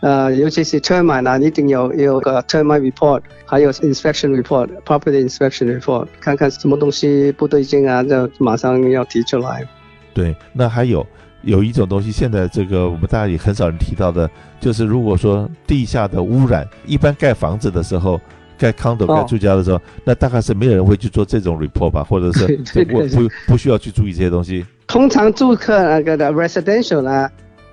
呃，尤其是 termite 你一定有有個 termite report，還有 inspection report，property inspection report，看看什麼東西不對勁啊，就馬上要提出來。對，那還有有一種東西，現在這個我們大家也很少人提到的，就是如果說地下的污染，一般蓋房子的時候，蓋 condo、蓋住家的時候，哦、那大概是沒有人會去做這種 report 吧，或者是就我不 不需要去注意這些東西。通常住客那個的 residential 啦。